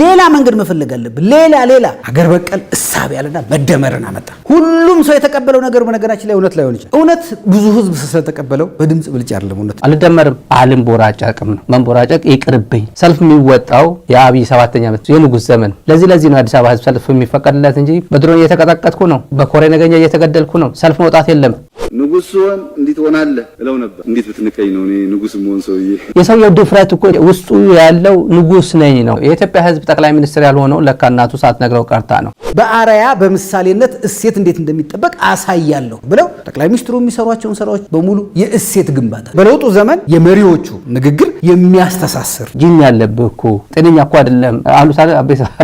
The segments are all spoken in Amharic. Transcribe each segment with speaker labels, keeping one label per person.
Speaker 1: ሌላ መንገድ መፈለግ አለብን። ሌላ ሌላ ሀገር በቀል እሳቤ ያለና መደመርን አመጣ። ሁሉም ሰው የተቀበለው ነገር በነገራችን ላይ እውነት ላይሆን ይችላል። እውነት ብዙ ህዝብ ስለተቀበለው በድምፅ ብልጭ አይደለም። እውነት አልደመርም አልም አልንቦራጨቅም ነው። መንቦራጨቅ ይቅርብኝ። ሰልፍ የሚወጣው የአብይ ሰባተኛ ዓመት የንጉስ ዘመን። ለዚህ ለዚህ ነው አዲስ አበባ ህዝብ ሰልፍ የሚፈቀድለት እንጂ በድሮን እየተቀጠቀጥኩ ነው፣ በኮሬ ነገኛ እየተገደልኩ ነው፣ ሰልፍ መውጣት የለም
Speaker 2: ንጉስ ሲሆን እንዴት ሆናለህ እለው ነበር። እንዴት ብትንቀኝ ነው እኔ ንጉስ መሆን ሰውዬ።
Speaker 1: የሰውየው ድፍረት እኮ ውስጡ ያለው ንጉስ ነኝ ነው። የኢትዮጵያ ሕዝብ ጠቅላይ ሚኒስትር ያልሆነው ለካ እናቱ ሳትነግረው ቀርታ ነው። በአርአያ በምሳሌነት እሴት እንዴት እንደሚጠበቅ አሳያለሁ ብለው ጠቅላይ ሚኒስትሩ የሚሰሯቸውን ስራዎች በሙሉ የእሴት ግንባታ በለውጡ ዘመን የመሪዎቹ ንግግር የሚያስተሳስር ጅን ያለብህ እኮ ጤነኛ እኮ አይደለም አሉት አለ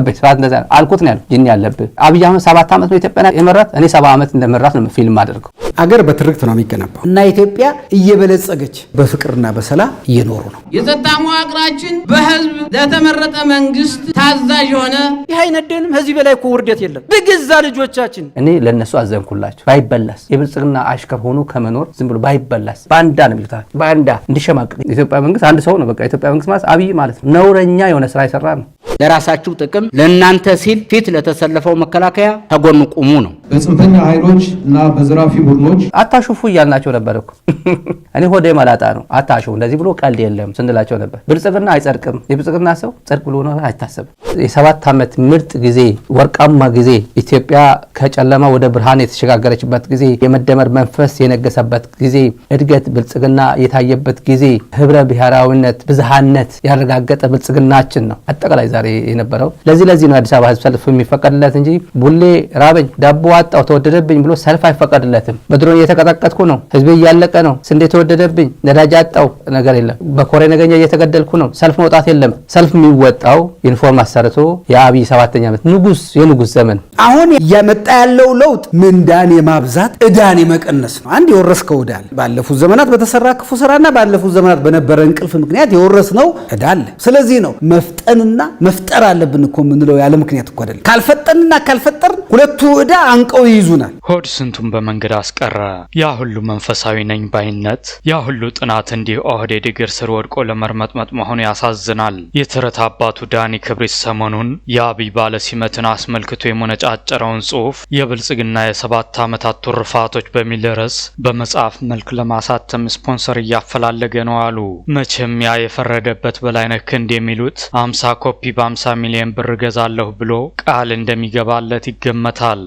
Speaker 1: አቤሰባት እንደዛ አልኩት ነው ያለው ጅን ያለብህ አብይ አህመድ ሰባት ዓመት ነው ኢትዮጵያ የመራት እኔ ሰባ ዓመት እንደመራት ነው ፊልም አደርገው አገር በትርክት ነው የሚገነባው እና ኢትዮጵያ እየበለጸገች በፍቅርና በሰላም እየኖሩ ነው።
Speaker 3: የጸጥታ መዋቅራችን በህዝብ ለተመረጠ መንግስት ታዛዥ የሆነ ይህ አይነደንም። ከዚህ በላይ እኮ ውርደት የለም። ብገዛ ልጆቻችን
Speaker 1: እኔ ለእነሱ አዘንኩላቸው። ባይበላስ የብልጽግና አሽከር ሆኖ ከመኖር ዝም ብሎ ባይበላስ ባንዳ ነው የሚሉታል። ባንዳ እንዲሸማቀቅ የኢትዮጵያ መንግስት አንድ ሰው ነው። በቃ የኢትዮጵያ መንግስት ማለት አብይ ማለት ነው። ነውረኛ የሆነ ስራ የሰራ ነው። ለራሳችሁ ጥቅም ለእናንተ ሲል ፊት ለተሰለፈው መከላከያ ተጎን ቁሙ ነው።
Speaker 2: በጽንፈኛ ኃይሎች እና በዘራፊ ቡድኖች
Speaker 1: አታሹፉ እያልናቸው ነበር እኮ። እኔ ሆዴ መላጣ ነው። አታሹፉ እንደዚህ ብሎ ቀልድ የለም ስንላቸው ነበር። ብልጽግና አይጸድቅም። የብልጽግና ሰው ጸድቅ ብሎ ነው አይታሰብም። የሰባት ዓመት ምርጥ ጊዜ፣ ወርቃማ ጊዜ፣ ኢትዮጵያ ከጨለማ ወደ ብርሃን የተሸጋገረችበት ጊዜ፣ የመደመር መንፈስ የነገሰበት ጊዜ፣ እድገት ብልጽግና የታየበት ጊዜ፣ ህብረ ብሔራዊነት፣ ብዝሃነት ያረጋገጠ ብልጽግናችን ነው አጠቃላይ ዛሬ የነበረው። ለዚህ ለዚህ ነው አዲስ አበባ ህዝብ ሰልፍ የሚፈቀድለት እንጂ ቡሌ ራበኝ ዳቦ አጣው ተወደደብኝ ብሎ ሰልፍ አይፈቀድለትም። በድሮን እየተቀጠቀጥኩ ነው፣ ህዝቤ እያለቀ ነው፣ ስንዴ ተወደደብኝ፣ ነዳጅ አጣው ነገር የለም፣ በኮሬ ነገኛ እየተገደልኩ ነው፣ ሰልፍ መውጣት የለም። ሰልፍ የሚወጣው ዩኒፎርም አሰርቶ የአብይ ሰባተኛ ዓመት ንጉስ የንጉስ ዘመን አሁን እያመጣ ያለው ለውጥ ምንዳን የማብዛት እዳን የመቀነስ ነው። አንድ የወረስከው እዳ አለ። ባለፉት ዘመናት በተሰራ ክፉ ስራና ባለፉት ዘመናት በነበረ እንቅልፍ ምክንያት የወረስነው እዳ አለ። ስለዚህ ነው መፍጠንና መፍጠር አለብን እኮ የምንለው ያለ ምክንያት እኮ አይደለም። ካልፈጠንና ካልፈጠርን ሁለቱ እዳ አጥብቀው ይይዙናል።
Speaker 4: ሆድ ስንቱን በመንገድ አስቀረ። ያ ሁሉ መንፈሳዊ ነኝ ባይነት፣ ያ ሁሉ ጥናት እንዲህ ኦህዴድ እግር ስር ወድቆ ለመርመጥመጥ መሆኑ ያሳዝናል። የተረት አባቱ ዳኒ ክብሪት ሰሞኑን የአብይ ባለሲመትን አስመልክቶ የሞነጫጨረውን ጽሑፍ የብልጽግና የሰባት ዓመታት ቱርፋቶች በሚል ርዕስ በመጽሐፍ መልክ ለማሳተም ስፖንሰር እያፈላለገ ነው አሉ። መቼም ያ የፈረደበት በላይነህ ክንድ የሚሉት አምሳ ኮፒ በአምሳ ሚሊዮን ብር እገዛለሁ ብሎ ቃል እንደሚገባለት ይገመታል።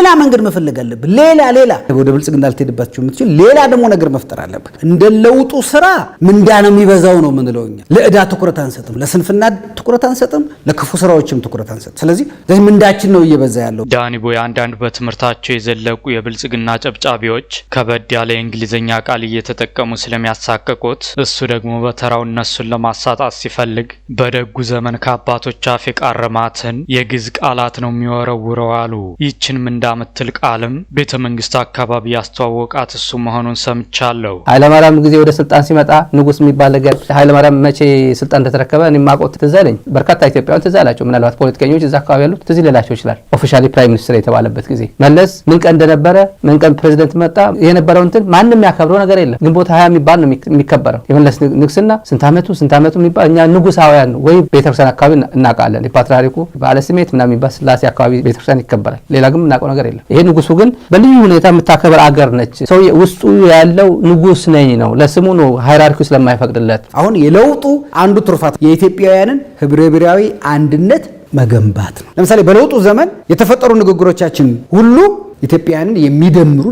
Speaker 1: ሌላ መንገድ መፈለግ አለብህ። ሌላ ሌላ ወደ ብልጽግና ልትሄድባቸው የምትችል ሌላ ደግሞ ነገር መፍጠር አለብህ። እንደ ለውጡ ስራ ምንዳ ነው የሚበዛው ነው ምንለው እኛ ትኩረት አንሰጥም፣ ለስንፍና ትኩረት አንሰጥም፣ ለክፉ ስራዎችም ትኩረት አንሰጥ። ስለዚህ ምንዳችን ነው እየበዛ ያለው።
Speaker 4: ዳኒ ቦይ አንዳንድ በትምህርታቸው የዘለቁ የብልጽግና ጨብጫቢዎች ከበድ ያለ የእንግሊዝኛ ቃል እየተጠቀሙ ስለሚያሳቀቁት እሱ ደግሞ በተራው እነሱን ለማሳጣት ሲፈልግ በደጉ ዘመን ከአባቶች አፍ የቃረማትን የግዝ ቃላት ነው የሚወረውረው አሉ። ይችን ምንዳ ምትል ቃልም ቤተ መንግስት አካባቢ ያስተዋወቃት እሱ መሆኑን ሰምቻለሁ።
Speaker 1: ኃይለማርያም ጊዜ ወደ ስልጣን ሲመጣ ንጉስ የሚባል ነገር ኃይለማርያም መቼ ስልጣን እንደተረከበ እኔ ማቆት ትዝ ነኝ። በርካታ ኢትዮጵያውያን ትዝ አላቸው። ምናልባት ፖለቲከኞች እዛ አካባቢ ያሉት ትዝ ሊላቸው ይችላል። ኦፊሻሊ ፕራይም ሚኒስትር የተባለበት ጊዜ መለስ ምን ቀን እንደነበረ ምን ቀን ፕሬዚደንት መጣ የነበረው እንትን ማንም ያከብረው ነገር የለም። ግንቦት ሀያ የሚባል ነው የሚከበረው። የመለስ ንግስና ስንት ዓመቱ ስንት ዓመቱ የሚባል እኛ ንጉሳውያን ነው ወይ ቤተክርስቲያን አካባቢ እናውቃለን። የፓትርያርኩ በዓለ ስሜት ምናምን የሚባል ስላሴ አካባቢ ቤተክርስቲያን ይከበራል። ሌላ ግን የምናውቀው ነገር የለም። ይሄ ንጉሱ ግን በልዩ ሁኔታ የምታከብር አገር ነች። ሰው ውስጡ ያለው ንጉስ ነኝ ነው። ለስሙ ነው ሃይራርኪው ስለማይፈቅድለት አሁን የለውጡ አንዱ ትሩፋት የኢትዮጵያውያንን ህብረ አንድነት መገንባት ነው። ለምሳሌ በለውጡ ዘመን የተፈጠሩ ንግግሮቻችን ሁሉ ኢትዮጵያውያንን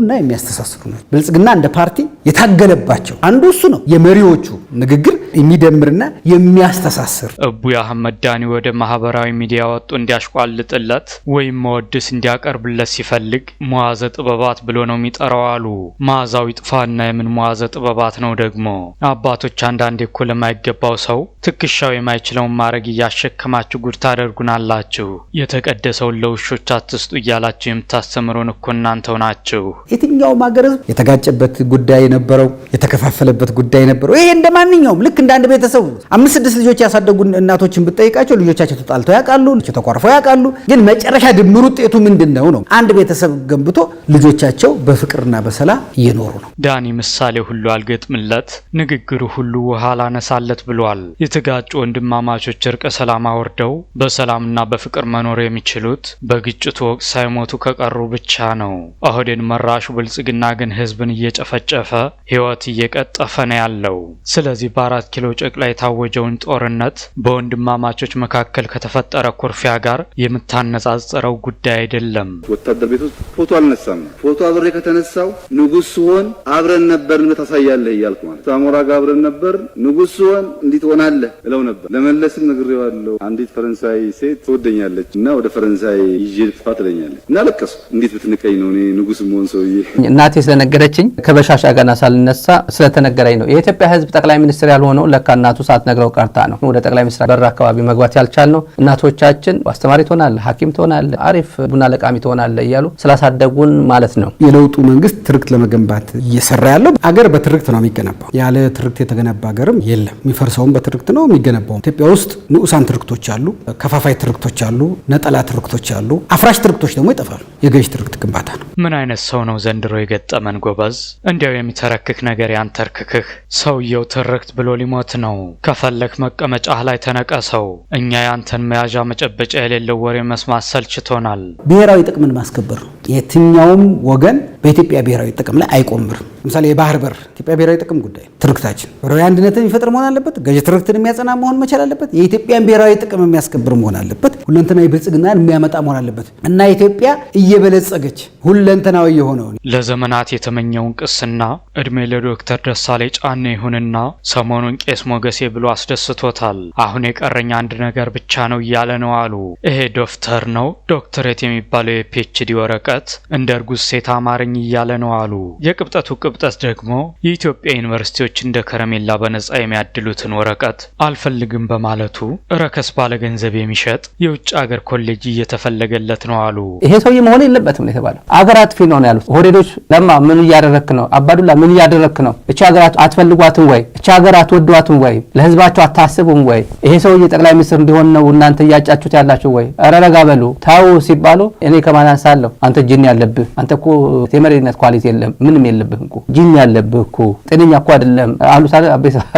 Speaker 1: እና የሚያስተሳስሩ ናቸው። ብልጽግና እንደ ፓርቲ የታገለባቸው አንዱ እሱ ነው። የመሪዎቹ ንግግር የሚደምርና የሚያስተሳስር
Speaker 4: እቡይ አህመድ ዳኒ ወደ ማህበራዊ ሚዲያ ወጡ እንዲያሽቋልጥለት ወይም መወድስ እንዲያቀርብለት ሲፈልግ መዋዘ ጥበባት ብሎ ነው የሚጠራው አሉ። መዓዛው ይጥፋና የምን መዋዘ ጥበባት ነው ደግሞ? አባቶች አንዳንዴ እኮ ለማይገባው ሰው ትከሻው የማይችለውን ማድረግ እያሸከማችሁ ጉድ ታደርጉናላችሁ። የተቀደሰውን ለውሾች አትስጡ እያላችሁ የምታስተምሩን እኮ እናንተው ናችሁ።
Speaker 1: የትኛውም ሀገር ህዝብ የተጋጨበት ጉዳይ ነበረው፣ የተከፋፈለበት ጉዳይ ነበረው። ይሄ እንደ ማንኛውም ልክ እንደ አንድ ቤተሰብ አምስት ስድስት ልጆች ያሳደጉ እናቶችን ብጠይቃቸው ልጆቻቸው ተጣልተው ያውቃሉ፣ ተኮርፈው ያውቃሉ። ግን መጨረሻ ድምር ውጤቱ ምንድን ነው ነው? አንድ ቤተሰብ ገንብቶ ልጆቻቸው በፍቅርና በሰላም እየኖሩ ነው።
Speaker 4: ዳኒ ምሳሌ ሁሉ አልገጥምለት፣ ንግግሩ ሁሉ ውሃ ላነሳለት ብሏል። የተጋጩ ወንድማማቾች እርቀ ሰላም አወርደው በሰላምና በፍቅር መኖር የሚችሉት በግጭቱ ወቅት ሳይሞቱ ከቀሩ ብቻ ነው። ኦህዴድ መራሹ ብልጽግና ግን ህዝብን እየጨፈጨፈ ህይወት እየቀጠፈ ነው ያለው። ስለዚህ በአራት ኪሎ ጭቅ ላይ የታወጀውን ጦርነት በወንድማማቾች መካከል ከተፈጠረ ኩርፊያ ጋር የምታነጻጽረው ጉዳይ አይደለም።
Speaker 2: ወታደር ቤት ውስጥ ፎቶ አልነሳም። ፎቶ አብሬ ከተነሳው ንጉስ ሲሆን አብረን ነበርን ታሳያለህ እያልኩ ማለት ሳሞራ ጋር አብረን ነበር ንጉስ ሲሆን እንዲት ትሆናለህ እለው ነበር። ለመለስም ነግሬዋለሁ። አንዲት ፈረንሳይ ሴት ትወደኛለች እና ወደ ፈረንሳይ ይዤ ልጥፋ ትለኛለች እና ለቀሱ። እንዴት ብትንቀኝ ነው እኔ ንጉስ መሆን ሰውዬ
Speaker 1: እናቴ ስለነገረችኝ ከበሻሻ ገና ሳልነሳ ስለተነገረኝ ነው። የኢትዮጵያ ህዝብ ጠቅላይ ሚኒስትር ያልሆነ ነው። ለካ እናቱ ሳትነግረው ቀርታ ነው ወደ ጠቅላይ ሚኒስትር በር አካባቢ መግባት ያልቻል ነው። እናቶቻችን አስተማሪ ትሆናለ፣ ሐኪም ትሆናለ፣ አሪፍ ቡና ለቃሚ ትሆናለ እያሉ ስላሳደጉን ማለት ነው። የለውጡ መንግስት ትርክት ለመገንባት እየሰራ ያለው አገር በትርክት ነው የሚገነባው። ያለ ትርክት የተገነባ ሀገርም የለም። የሚፈርሰውም በትርክት ነው የሚገነባው። ኢትዮጵያ ውስጥ ንዑሳን ትርክቶች አሉ፣ ከፋፋይ ትርክቶች አሉ፣ ነጠላ ትርክቶች አሉ፣ አፍራሽ ትርክቶች ደግሞ ይጠፋሉ። የገዥ ትርክት ግንባታ ነው።
Speaker 4: ምን አይነት ሰው ነው ዘንድሮ የገጠመን ጎበዝ? እንዲያው የሚተረክክ ነገር ያንተርክክህ ሰውየው ትርክት ብሎ ሊሞት ነው። ከፈለክ መቀመጫህ ላይ ተነቀሰው። እኛ ያንተን መያዣ መጨበጫ የሌለው ወሬ መስማት ሰልችቶናል።
Speaker 1: ብሔራዊ ጥቅምን ማስከበር የትኛውም ወገን በኢትዮጵያ ብሔራዊ ጥቅም ላይ አይቆምርም። ለምሳሌ የባህር በር ኢትዮጵያ ብሔራዊ ጥቅም ጉዳይ ትርክታችን ብሔራዊ አንድነትን የሚፈጥር መሆን አለበት። ገዥ ትርክትን የሚያጸና መሆን መቻል አለበት። የኢትዮጵያን ብሔራዊ ጥቅም የሚያስከብር መሆን አለበት። ሁለንተናዊ ብልጽግናን የሚያመጣ መሆን አለበት እና ኢትዮጵያ እየበለጸገች ሁለንተናዊ የሆነውን
Speaker 4: ለዘመናት የተመኘውን ቅስና እድሜ ለዶክተር ደሳሌ ጫኔ ይሁንና ሰሞኑን ቄስ ሞገሴ ብሎ አስደስቶታል። አሁን የቀረኝ አንድ ነገር ብቻ ነው እያለ ነው አሉ። ይሄ ዶፍተር ነው ዶክተሬት የሚባለው የፒኤችዲ ወረቀት እንደ እርጉዝ ሴት አማረኝ እያለ ነው አሉ። የቅብጠቱ ቅብጠት ደግሞ የኢትዮጵያ ዩኒቨርሲቲዎች እንደ ከረሜላ በነጻ የሚያድሉትን ወረቀት አልፈልግም በማለቱ ረከስ ባለ ገንዘብ የሚሸጥ የውጭ አገር ኮሌጅ እየተፈለገለት ነው አሉ።
Speaker 1: ይሄ ሰውዬ መሆን የለበትም ነው የተባለው። አገር አጥፊ ነው ያሉት ሆዴዶች። ለማ ምን እያደረክ ነው? አባዱላ ምን እያደረክ ነው? እቺ ሀገር አትፈልጓትም ወይ? እቺ ሀገር አትወዷትም ወይ? ለህዝባቸው አታስቡም ወይ? ይሄ ሰውዬ ጠቅላይ ሚኒስትር እንዲሆን ነው እናንተ እያጫችሁት ያላችሁ ወይ? ረረጋ በሉ ታው ሲባሉ እኔ ከማን አንሳለሁ? አንተ ጅን ያለብህ አንተ እኮ የመሪነት ኳሊቲ የለም ምንም የለብህ እኮ ጅን ያለብህ እኮ ጤነኛ እኮ አይደለም አሉት አለ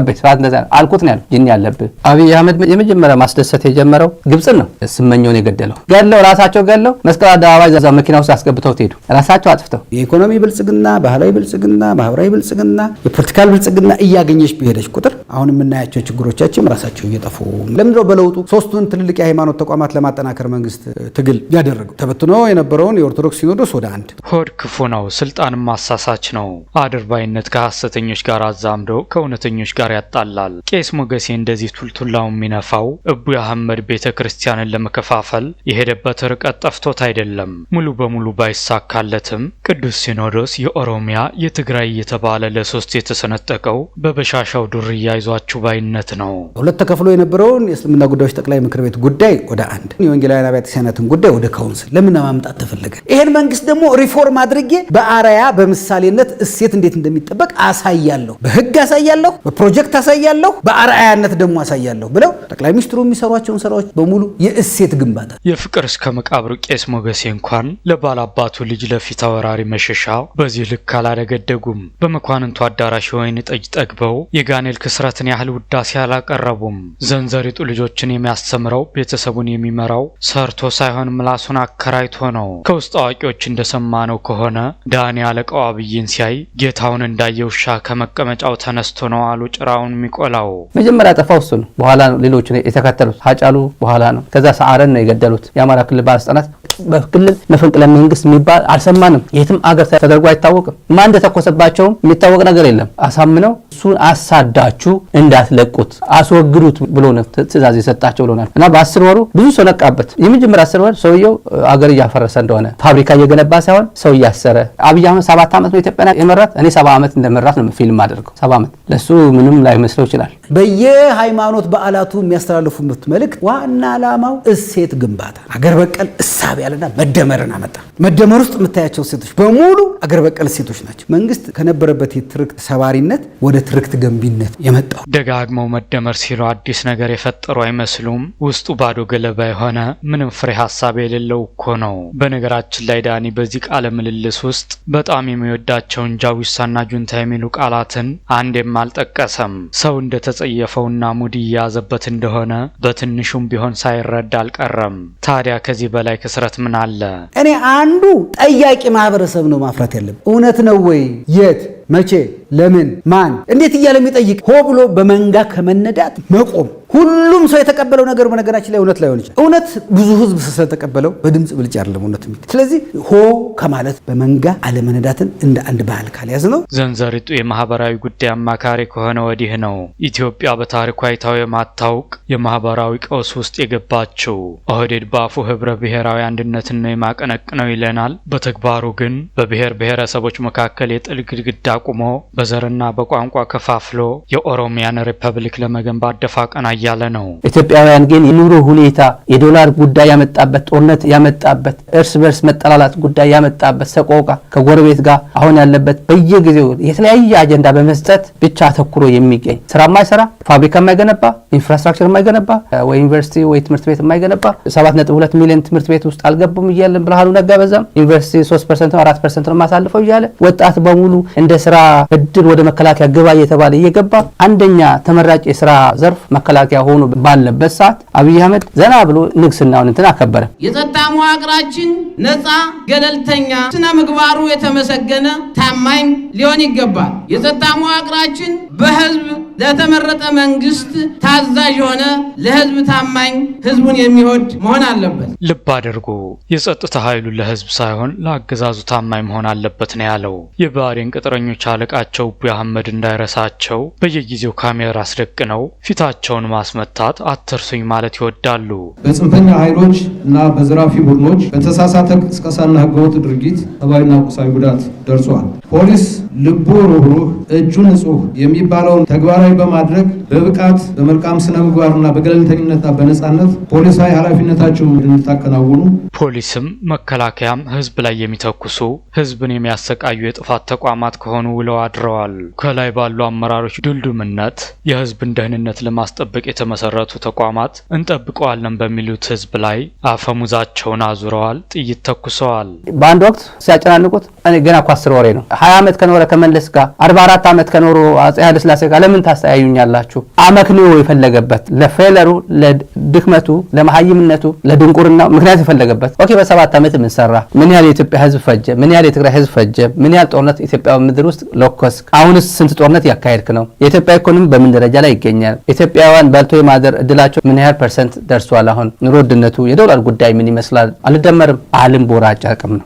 Speaker 1: አቤ ስብሐት። እንደዛ አልኩት ነው ያለው ጅን ያለብህ። አብይ አህመድ የመጀመሪያ ማስደሰት የጀመረው ግብፅን ነው። ስመኘውን የገደለው ገለው ራሳቸው ገለው መስቀል አደባባይ ዛ መኪና ውስጥ አስገብተው ትሄዱ ራሳቸው አጥፍተው የኢኮኖሚ ብልጽግና፣ ባህላዊ ብልጽግና፣ ማህበራዊ ብልጽግና፣ የፖለቲካል ብልጽግና እያገኘች በሄደች ቁጥር አሁን የምናያቸው ችግሮቻችን ራሳቸው እየጠፉ ለምንድነው በለውጡ ሶስቱን ትልልቅ የሃይማኖት ተቋማት ለማጠናከር መንግስት ትግል ያደረገው ተበትኖ የነበረውን የኦርቶዶክስ ሲኖዶስ ወደ አንድ
Speaker 4: ሆድ ክፉ ነው፣ ስልጣን ማሳሳች ነው። አድርባይነት ከሐሰተኞች ጋር አዛምዶ ከእውነተኞች ጋር ያጣላል። ቄስ ሞገሴ እንደዚህ ቱልቱላው የሚነፋው እቡ አህመድ ቤተ ክርስቲያንን ለመከፋፈል የሄደበት ርቀት ጠፍቶት አይደለም። ሙሉ በሙሉ ባይሳካለትም ቅዱስ ሲኖዶስ የኦሮሚያ የትግራይ እየተባለ ለሶስት የተሰነጠቀው በበሻሻው ዱርያ ይዟችሁ ባይነት ነው።
Speaker 1: ሁለት ተከፍሎ የነበረውን የእስልምና ጉዳዮች ጠቅላይ ምክር ቤት ጉዳይ ወደ አንድ፣ የወንጌላውያን አብያተ ክርስቲያናትን ጉዳይ ወደ ካውንስል ለምን ማምጣት ተፈለገ? ይሄን መንግስት ደግሞ ሪፎርም አድርጌ በአርአያ በምሳሌነት እስ ሴት እንዴት እንደሚጠበቅ አሳያለሁ፣ በህግ አሳያለሁ፣ በፕሮጀክት አሳያለሁ፣ በአርአያነት ደግሞ አሳያለሁ ብለው ጠቅላይ ሚኒስትሩ የሚሰሯቸውን ስራዎች በሙሉ የእሴት ግንባታ
Speaker 4: የፍቅር እስከ መቃብሩ ቄስ ሞገሴ እንኳን ለባላባቱ ልጅ ለፊት አወራሪ መሸሻ በዚህ ልክ አላደገደጉም። በመኳንንቱ አዳራሽ ወይን ጠጅ ጠግበው የጋኔል ክስረትን ያህል ውዳሴ አላቀረቡም። ዘንዘሪጡ ልጆችን የሚያስተምረው ቤተሰቡን የሚመራው ሰርቶ ሳይሆን ምላሱን አከራይቶ ነው። ከውስጥ አዋቂዎች እንደሰማነው ከሆነ ዳኒ አለቃው አብይን ሲያይ ጌታውን እንዳየ ውሻ ከመቀመጫው ተነስቶ ነው አሉ ጭራውን የሚቆላው።
Speaker 1: መጀመሪያ ጠፋው እሱ ነው። በኋላ ነው ሌሎች የተከተሉት። ሀጫሉ በኋላ ነው። ከዛ ሰዓረን ነው የገደሉት። የአማራ ክልል ባለስልጣናት በክልል መፈንቅለ መንግስት የሚባል አልሰማንም። የትም አገር ተደርጎ አይታወቅም። ማን እንደተኮሰባቸውም የሚታወቅ ነገር የለም። አሳምነው እሱን አሳዳችሁ እንዳትለቁት አስወግዱት ብሎ ነው ትእዛዝ የሰጣቸው ብሎናል። እና በአስር ወሩ ብዙ ሰው ነቃበት። የመጀመሪያ አስር ወር ሰውየው አገር እያፈረሰ እንደሆነ ፋብሪካ እየገነባ ሳይሆን ሰው እያሰረ። አብይ አሁን ሰባት ዓመት ነው ኢትዮጵያ የመራት እኔ ሰባ ዓመት እንደመራት ነው ፊልም አደርገው ሰባ ዓመት ለእሱ ምንም ላይመስለው ይችላል። በየሃይማኖት በዓላቱ የሚያስተላልፉት መልእክት ዋና ዓላማው እሴት ግንባታ አገር በቀል እሳቤ ያለና መደመርን አመጣ። መደመር ውስጥ የምታያቸው እሴቶች በሙሉ አገር በቀል እሴቶች ናቸው። መንግስት ከነበረበት የትርክ ሰባሪነት ወደ ትርክት ገንቢነት የመጣው
Speaker 4: ደጋግመው መደመር ሲሉ አዲስ ነገር የፈጠሩ አይመስሉም። ውስጡ ባዶ ገለባ የሆነ ምንም ፍሬ ሀሳብ የሌለው እኮ ነው። በነገራችን ላይ ዳኒ በዚህ ቃለ ምልልስ ውስጥ በጣም የሚወዳቸውን ጃዊሳና ጁንታ የሚሉ ቃላትን አንዴም አልጠቀሰም። ሰው እንደተጸየፈውና ሙድ እየያዘበት እንደሆነ በትንሹም ቢሆን ሳይረዳ አልቀረም። ታዲያ ከዚህ በላይ ክስረት ምን አለ?
Speaker 1: እኔ አንዱ ጠያቂ ማህበረሰብ ነው ማፍራት ያለብን። እውነት ነው ወይ የት መቼ፣ ለምን፣ ማን፣ እንዴት እያለ የሚጠይቅ ሆ ብሎ በመንጋ ከመነዳት መቆም ሁሉም ሰው የተቀበለው ነገር በነገራችን ላይ እውነት ላይሆን ይችላል። እውነት ብዙ ህዝብ ስለተቀበለው በድምፅ ብልጭ አይደለም እውነት የሚል ስለዚህ ሆ ከማለት በመንጋ አለመነዳትን እንደ አንድ ባህል ካልያዝ ነው።
Speaker 4: ዘንዘሪጡ የማህበራዊ ጉዳይ አማካሪ ከሆነ ወዲህ ነው ኢትዮጵያ በታሪኳ አይታው የማታውቅ የማህበራዊ ቀውስ ውስጥ የገባችው። ኦህዴድ በአፉ ህብረ ብሔራዊ አንድነትን ነው የማቀነቅነው ይለናል። በተግባሩ ግን በብሔር ብሔረሰቦች መካከል የጥል ግድግዳ ቁሞ በዘርና በቋንቋ ከፋፍሎ የኦሮሚያን ሪፐብሊክ ለመገንባት ደፋ ቀና እያለ ነው።
Speaker 1: ኢትዮጵያውያን ግን የኑሮ ሁኔታ የዶላር ጉዳይ ያመጣበት፣ ጦርነት ያመጣበት፣ እርስ በርስ መጠላላት ጉዳይ ያመጣበት ሰቆቃ ከጎረቤት ጋር አሁን ያለበት በየጊዜው የተለያየ አጀንዳ በመስጠት ብቻ አተኩሮ የሚገኝ ስራ ማይሰራ ፋብሪካ የማይገነባ ኢንፍራስትራክቸር የማይገነባ ወይ ዩኒቨርሲቲ ወይ ትምህርት ቤት የማይገነባ 7.2 ሚሊዮን ትምህርት ቤት ውስጥ አልገቡም እያለን ብርሃኑ ነጋ በዛም ዩኒቨርሲቲ 3 ፐርሰንት ነው 4 ፐርሰንት ነው ማሳልፈው እያለ ወጣት በሙሉ እንደ ስራ እድል ወደ መከላከያ ግባ እየተባለ እየገባ አንደኛ ተመራጭ የስራ ዘርፍ መከላከያ መከላከያ ሆኖ ባለበት ሰዓት አብይ አህመድ ዘና ብሎ ንግስናውን እንትን አከበረ።
Speaker 3: የጸጥታ መዋቅራችን ነፃ፣ ገለልተኛ፣ ስነ ምግባሩ የተመሰገነ ታማኝ ሊሆን ይገባል። የጸጥታ መዋቅራችን በህዝብ ለተመረጠ መንግስት ታዛዥ የሆነ ለህዝብ ታማኝ ህዝቡን የሚወድ መሆን አለበት።
Speaker 4: ልብ አድርጉ፣ የጸጥታ ኃይሉ ለህዝብ ሳይሆን ለአገዛዙ ታማኝ መሆን አለበት ነው ያለው። የባህሬን ቅጥረኞች አለቃቸው ቡ አህመድ እንዳይረሳቸው በየጊዜው ካሜራ አስደቅነው ፊታቸውን ማስመታት አትርሱኝ ማለት ይወዳሉ።
Speaker 2: በጽንፈኛ ኃይሎች እና በዘራፊ ቡድኖች በተሳሳተ ቅስቀሳና ህገወጥ ድርጊት ሰብአዊና ቁሳዊ ጉዳት ደርሷል። ፖሊስ ልቡ ሩህሩህ እጁ ንጹህ የሚባለውን ተግባራዊ በማድረግ በብቃት በመልካም ስነ ምግባርና በገለልተኝነትና በነጻነት ፖሊሳዊ ኃላፊነታቸውን እንድታከናውኑ።
Speaker 4: ፖሊስም መከላከያም ህዝብ ላይ የሚተኩሱ ህዝብን የሚያሰቃዩ የጥፋት ተቋማት ከሆኑ ውለው አድረዋል። ከላይ ባሉ አመራሮች ዱልዱምነት የህዝብን ደህንነት ለማስጠበቅ የተመሰረቱ ተቋማት እንጠብቀዋለን በሚሉት ህዝብ ላይ አፈሙዛቸውን አዙረዋል፣ ጥይት ተኩሰዋል።
Speaker 1: በአንድ ወቅት ሲያጨናንቁት እኔ ገና ኳስር ወሬ ነው ሀያ ዓመት ከኖረ ከመለስ ጋር አርባ አራት ሰባት ዓመት ከኖሩ አጼ ኃይለሥላሴ ጋር ለምን ታስተያዩኛላችሁ? አመክንዮ የፈለገበት ለፌለሩ፣ ለድክመቱ፣ ለመሀይምነቱ፣ ለድንቁርናው ምክንያት የፈለገበት ኦኬ። በሰባት ዓመት ምን ሰራ? ምን ያህል የኢትዮጵያ ህዝብ ፈጀ? ምን ያህል የትግራይ ህዝብ ፈጀ? ምን ያህል ጦርነት ኢትዮጵያ ምድር ውስጥ ሎኮስ? አሁንስ ስንት ጦርነት ያካሄድክ ነው? የኢትዮጵያ ኢኮኖሚ በምን ደረጃ ላይ ይገኛል? ኢትዮጵያውያን በልቶ የማደር እድላቸው ምን ያህል ፐርሰንት ደርሷል? አሁን ኑሮ ውድነቱ የዶላር ጉዳይ ምን ይመስላል? አልደመርም አልም ነው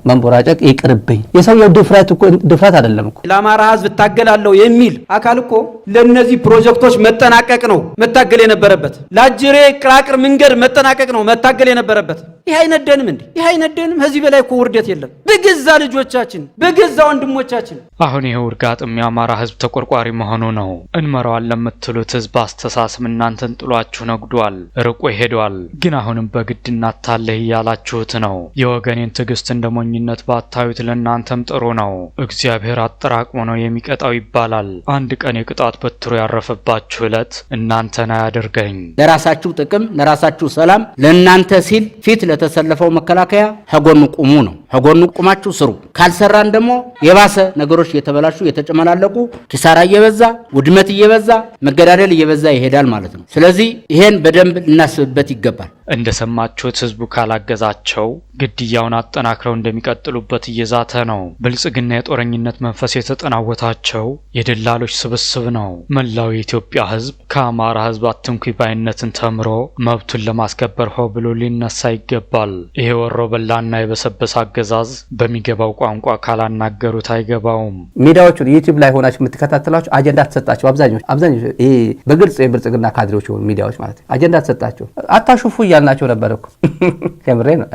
Speaker 1: መንቦራጨቅ ይቅርብኝ። የሰውየው ድፍረት ድፍረት አይደለም እኮ
Speaker 3: ለአማራ ህዝብ እታገላለሁ አለው የሚል አካል እኮ ለእነዚህ ፕሮጀክቶች መጠናቀቅ ነው መታገል የነበረበት። ለአጅሬ ቅራቅር መንገድ መጠናቀቅ ነው መታገል የነበረበት። ይህ አይነደንም እንዴ? ይህ አይነደንም? ከዚህ በላይ እኮ ውርደት የለም። በገዛ ልጆቻችን፣ በገዛ ወንድሞቻችን።
Speaker 4: አሁን ይሄ ውርጋጥም የአማራ ህዝብ ተቆርቋሪ መሆኑ ነው። እንመራዋል ለምትሉት ህዝብ አስተሳስም እናንተን ጥሏችሁ ነግዷል፣ ርቆ ሄዷል። ግን አሁንም በግድ እናታለህ እያላችሁት ነው። የወገኔን ትዕግስት እንደ ሞኝነት ባታዩት ለእናንተም ጥሩ ነው። እግዚአብሔር አጠራቅሞ ነው የሚቀጣው ይባላል። አንድ ቀን የቅጣት በትሩ ያረፈባችሁ ዕለት እናንተን አያደርገኝ።
Speaker 1: ለራሳችሁ ጥቅም፣ ለራሳችሁ ሰላም፣ ለእናንተ ሲል ፊት ለተሰለፈው መከላከያ ከጎን ቁሙ ነው። ከጎኑ ቁማችሁ ስሩ። ካልሰራን ደግሞ የባሰ ነገሮች እየተበላሹ እየተጨመላለቁ ኪሳራ እየበዛ ውድመት እየበዛ መገዳደል እየበዛ ይሄዳል ማለት ነው። ስለዚህ ይሄን በደንብ ልናስብበት ይገባል።
Speaker 4: እንደሰማችሁት ህዝቡ ካላገዛቸው ግድያውን አጠናክረው እንደሚቀጥሉበት እየዛተ ነው። ብልጽግና የጦረኝነት መንፈስ የተጠናወታቸው የደላሎች ስብስብ ነው። መላው የኢትዮጵያ ህዝብ ከአማራ ህዝብ አትንኩኝ ባይነትን ተምሮ መብቱን ለማስከበር ሆ ብሎ ሊነሳ ይገባል። ይሄ ወሮ በላና የበሰበሳ አገዛዝ በሚገባው ቋንቋ ካላናገሩት አይገባውም።
Speaker 1: ሚዲያዎቹ ዩቲዩብ ላይ ሆናችሁ የምትከታተላችሁ አጀንዳ ተሰጣቸው። አብዛኞቹ አብዛኞቹ ይሄ በግልጽ የብልጽግና ካድሬዎች ሆኑ ሚዲያዎች ማለት ነው። አጀንዳ ተሰጣቸው። አታሹፉ እያልናቸው ነበር እኮ ከምሬ ነው።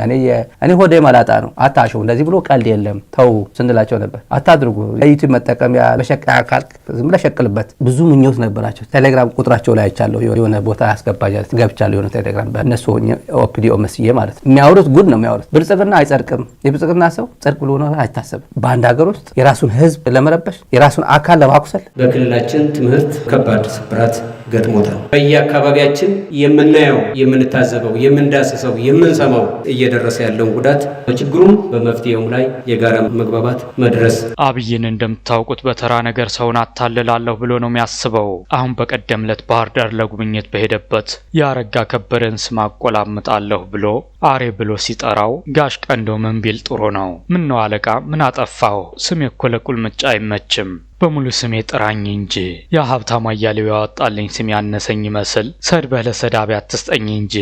Speaker 1: እኔ ሆዴ መላጣ ነው። አታሹ እንደዚህ ብሎ ቀልድ የለም ተው ስንላቸው ነበር። አታድርጉ ለዩቲዩብ መጠቀሚያ መሸቀያ ካልክ ዝም ብለህ ሸቅልበት። ብዙ ምኞት ነበራቸው። ቴሌግራም ቁጥራቸው ላይ አይቻለሁ። የሆነ ቦታ ያስገባኛል ገብቻለሁ። የሆነ ቴሌግራም በእነሱ ኦፒዲኦ መስዬ ማለት ነው። የሚያወሩት ጉድ ነው የሚያወሩት። ብልጽግና አይጸድቅም የብልጽግና ሰው ጸርቅ ብሎ ነው አይታሰብም። በአንድ ሀገር ውስጥ የራሱን ህዝብ ለመረበሽ የራሱን አካል ለማቁሰል
Speaker 2: በክልላችን ትምህርት ከባድ ስብራት ገጥሞታል። በየአካባቢያችን የምናየው የምንታዘበው፣ የምንዳስሰው፣ የምንሰማው እየደረሰ ያለውን ጉዳት በችግሩም በመፍትሄውም ላይ የጋራ መግባባት መድረስ
Speaker 4: አብይን እንደምታውቁት በተራ ነገር ሰውን አታልላለሁ ብሎ ነው የሚያስበው። አሁን በቀደም ዕለት ባህር ዳር ለጉብኝት በሄደበት ያረጋ ከበደን ስም አቆላምጣለሁ ብሎ አሬ ብሎ ሲጠራው ጋሽ ቀንዶ ምን ቢል ጥሩ ነው? ምን ነው አለቃ ምን አጠፋው ስም የኮለቁል ምጫ አይመችም። በሙሉ ስሜ ጥራኝ እንጂ ሀብታም አያሌው ያወጣልኝ ስም ያነሰኝ ይመስል ሰድበህ ለሰዳቢ አትስጠኝ እንጂ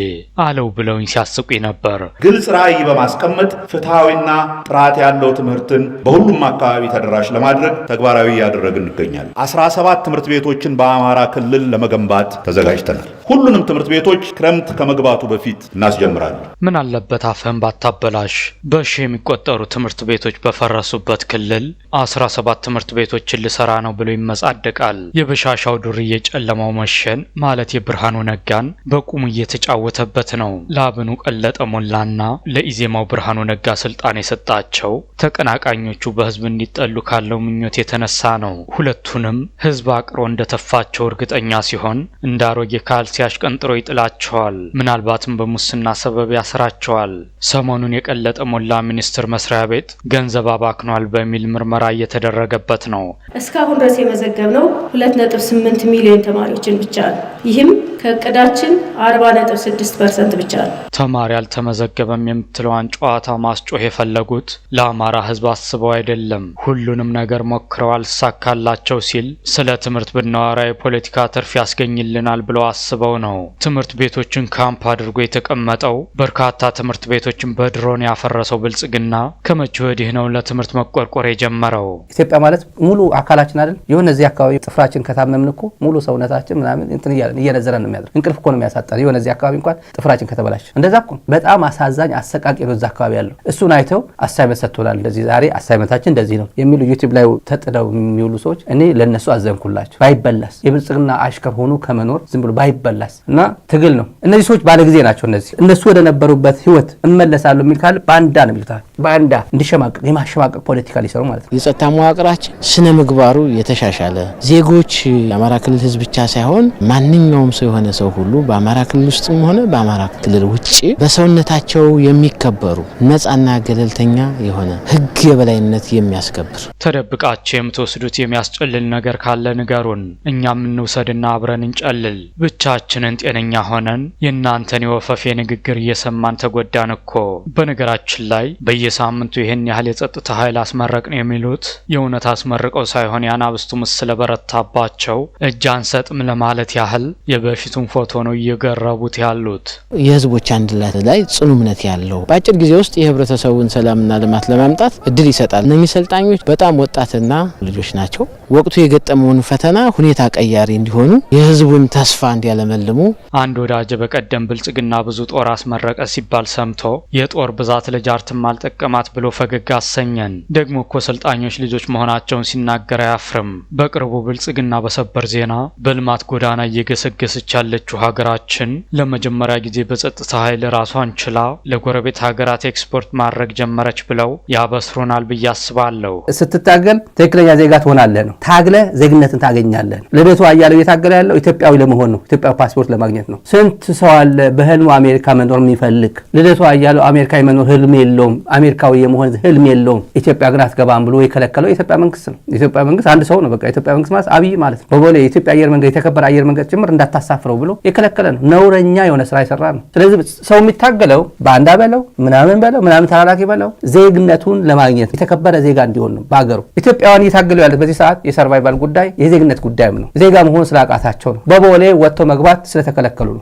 Speaker 4: አለው ብለውኝ ሲያስቁኝ ነበር።
Speaker 2: ግልጽ ራዕይ በማስቀመጥ ፍትሐዊና ጥራት ያለው ትምህርትን በሁሉም አካባቢ ተደራሽ ለማድረግ ተግባራዊ እያደረግን እንገኛለን። አስራ ሰባት ትምህርት ቤቶችን በአማራ ክልል ለመገንባት ተዘጋጅተናል። ሁሉንም ትምህርት ቤቶች ክረምት ከመግባቱ በፊት እናስጀምራለን።
Speaker 4: ምን አለበት አፈን ባታበላሽ። በሺ የሚቆጠሩ ትምህርት ቤቶች በፈረሱበት ክልል አስራ ሰባት ትምህርት ቤቶችን ልሰራ ነው ብሎ ይመጻደቃል። የበሻሻው ዱርዬ ጨለማው መሸን ማለት የብርሃኑ ነጋን በቁም እየተጫወተበት ነው። ለአብኑ ቀለጠ ሞላና ለኢዜማው ብርሃኑ ነጋ ስልጣን የሰጣቸው ተቀናቃኞቹ በህዝብ እንዲጠሉ ካለው ምኞት የተነሳ ነው። ሁለቱንም ህዝብ አቅሮ እንደተፋቸው እርግጠኛ ሲሆን እንደ አሮጌ ካልሲ አሽቀንጥሮ ይጥላቸዋል። ምናልባትም በሙስና ሰበብ ያስራቸዋል። ሰሞኑን የቀለጠ ሞላ ሚኒስቴር መስሪያ ቤት ገንዘብ አባክኗል በሚል ምርመራ እየተደረገበት ነው።
Speaker 3: እስካሁን ድረስ የመዘገብነው 2.8 ሚሊዮን ተማሪዎችን ብቻ ነው። ይህም ከእቅዳችን 46 ፐርሰንት ብቻ ነው።
Speaker 4: ተማሪ አልተመዘገበም የምትለዋን ጨዋታ ማስጮህ የፈለጉት ለአማራ ሕዝብ አስበው አይደለም። ሁሉንም ነገር ሞክረው አልሳካላቸው ሲል ስለ ትምህርት ብናወራ የፖለቲካ ትርፍ ያስገኝልናል ብለው አስበው ነው። ትምህርት ቤቶችን ካምፕ አድርጎ የተቀመጠው በርካታ ትምህርት ቤቶችን በድሮን ያፈረሰው ብልጽግና ከመቼ ወዲህ ነው ለትምህርት መቆርቆር የጀመረው?
Speaker 1: ኢትዮጵያ ማለት ሙሉ አካላችን አይደል? የሆነ እዚህ አካባቢ ጥፍራችን ከታመምን እኮ ሙሉ ሰውነታችን ምናምን እንትን እያለን እየነዘረን ነው የሚያደርግ። እንቅልፍ እኮ ነው የሚያሳጣን። የሆነ እዚህ አካባቢ እንኳን ጥፍራችን ከተበላሽ እንደዛ እኮ በጣም አሳዛኝ አሰቃቂ ነው እዛ አካባቢ ያለው። እሱን አይተው አሳይመንት ሰጥቶናል፣ እንደዚህ ዛሬ አሳይመንታችን እንደዚህ ነው የሚሉ ዩቲብ ላይ ተጥለው የሚውሉ ሰዎች እኔ ለእነሱ አዘንኩላቸው። ባይበላስ የብልጽግና አሽከር ሆኖ ከመኖር ዝም ብሎ ባይበላስ እና ትግል ነው። እነዚህ ሰዎች ባለጊዜ ናቸው። እነዚህ እነሱ ወደ ነበሩበት ህይወት እመለሳለሁ የሚል ካለ ባንዳ ነው የሚሉታል። ባንዳ እንዲሸማቀቅ የማሸማቀቅ ፖለቲካ ሊሰሩ ማለት ነው። የጸጥታ መዋቅራችን ስነ ምግባሩ የተሻሻለ ዜጎች የአማራ ክልል ህዝብ ብቻ ሳይሆን ማንኛውም ሰው የሆነ ሰው ሁሉ በአማራ ክልል ውስጥም ሆነ በአማራ ክልል ውጭ በሰውነታቸው የሚከበሩ ነጻና ገለልተኛ የሆነ ህግ የበላይነት የሚያስከብር
Speaker 4: ተደብቃቸው የምትወስዱት የሚያስጨልል ነገር ካለ ንገሩን፣ እኛም እንውሰድና አብረን እንጨልል። ብቻችንን ጤነኛ ሆነን የእናንተን የወፈፌ ንግግር እየሰማን ተጎዳን እኮ። በነገራችን ላይ በየሳምንቱ ይህን ያህል የጸጥታ ኃይል አስመረቅን የሚሉት የእውነት አስመርቀው ሳይሆን የአናብስቱ ምስ ስለበረታባቸው እጅ አንሰጥም ለማለት ያህል የበፊት የበፊቱን ፎቶ ነው እየገረቡት ያሉት።
Speaker 1: የህዝቦች አንድነት ላይ ጽኑ እምነት ያለው በአጭር ጊዜ ውስጥ የህብረተሰቡን ሰላምና ልማት ለማምጣት እድል ይሰጣል። እነኚህ ሰልጣኞች በጣም ወጣትና ልጆች ናቸው። ወቅቱ የገጠመውን ፈተና ሁኔታ ቀያሪ እንዲሆኑ፣ የህዝቡን ተስፋ እንዲያለመልሙ።
Speaker 4: አንድ ወዳጅ በቀደም ብልጽግና ብዙ ጦር አስመረቀ ሲባል ሰምቶ የጦር ብዛት ለጃርትም አልጠቀማት ብሎ ፈገግ አሰኘን። ደግሞ እኮ ሰልጣኞች ልጆች መሆናቸውን ሲናገር አያፍርም። በቅርቡ ብልጽግና በሰበር ዜና በልማት ጎዳና እየገሰገሰች ያለችው ሀገራችን ለመጀመሪያ ጊዜ በጸጥታ ኃይል ራሷን ችላ ለጎረቤት ሀገራት ኤክስፖርት ማድረግ ጀመረች ብለው ያበስሩናል ብዬ አስባለሁ።
Speaker 1: ስትታገል ትክክለኛ ዜጋ ትሆናለህ ነው። ታግለ ዜግነትን ታገኛለህ ነው። ልደቱ አያሌው የታገለ ያለው ኢትዮጵያዊ ለመሆን ነው። ኢትዮጵያ ፓስፖርት ለማግኘት ነው። ስንት ሰው አለ በህልሙ አሜሪካ መኖር የሚፈልግ ልደቱ አያሌው አሜሪካ የመኖር ህልም የለውም። አሜሪካዊ የመሆን ህልም የለውም። ኢትዮጵያ ግን አትገባም ብሎ የከለከለው የኢትዮጵያ መንግስት ነው። ኢትዮጵያ መንግስት አንድ ሰው ነው። በቃ ኢትዮጵያ መንግስት ማለት አብይ ማለት ነው። በቦሌ የኢትዮጵያ አየር መንገድ የተከበረ አየር መንገድ ጭምር እንዳታሳፍር አትፍረው ብሎ የከለከለ ነው። ነውረኛ የሆነ ስራ የሰራ ነው። ስለዚህ ሰው የሚታገለው በአንዳ በለው ምናምን በለው ምናምን ተላላኪ በለው ዜግነቱን ለማግኘት የተከበረ ዜጋ እንዲሆን ነው በሀገሩ። ኢትዮጵያውያን እየታገለው ያለት በዚህ ሰዓት የሰርቫይቫል ጉዳይ የዜግነት ጉዳይም ነው። ዜጋ መሆን አቃታቸው ነው። በቦሌ ወጥቶ መግባት ስለተከለከሉ ነው።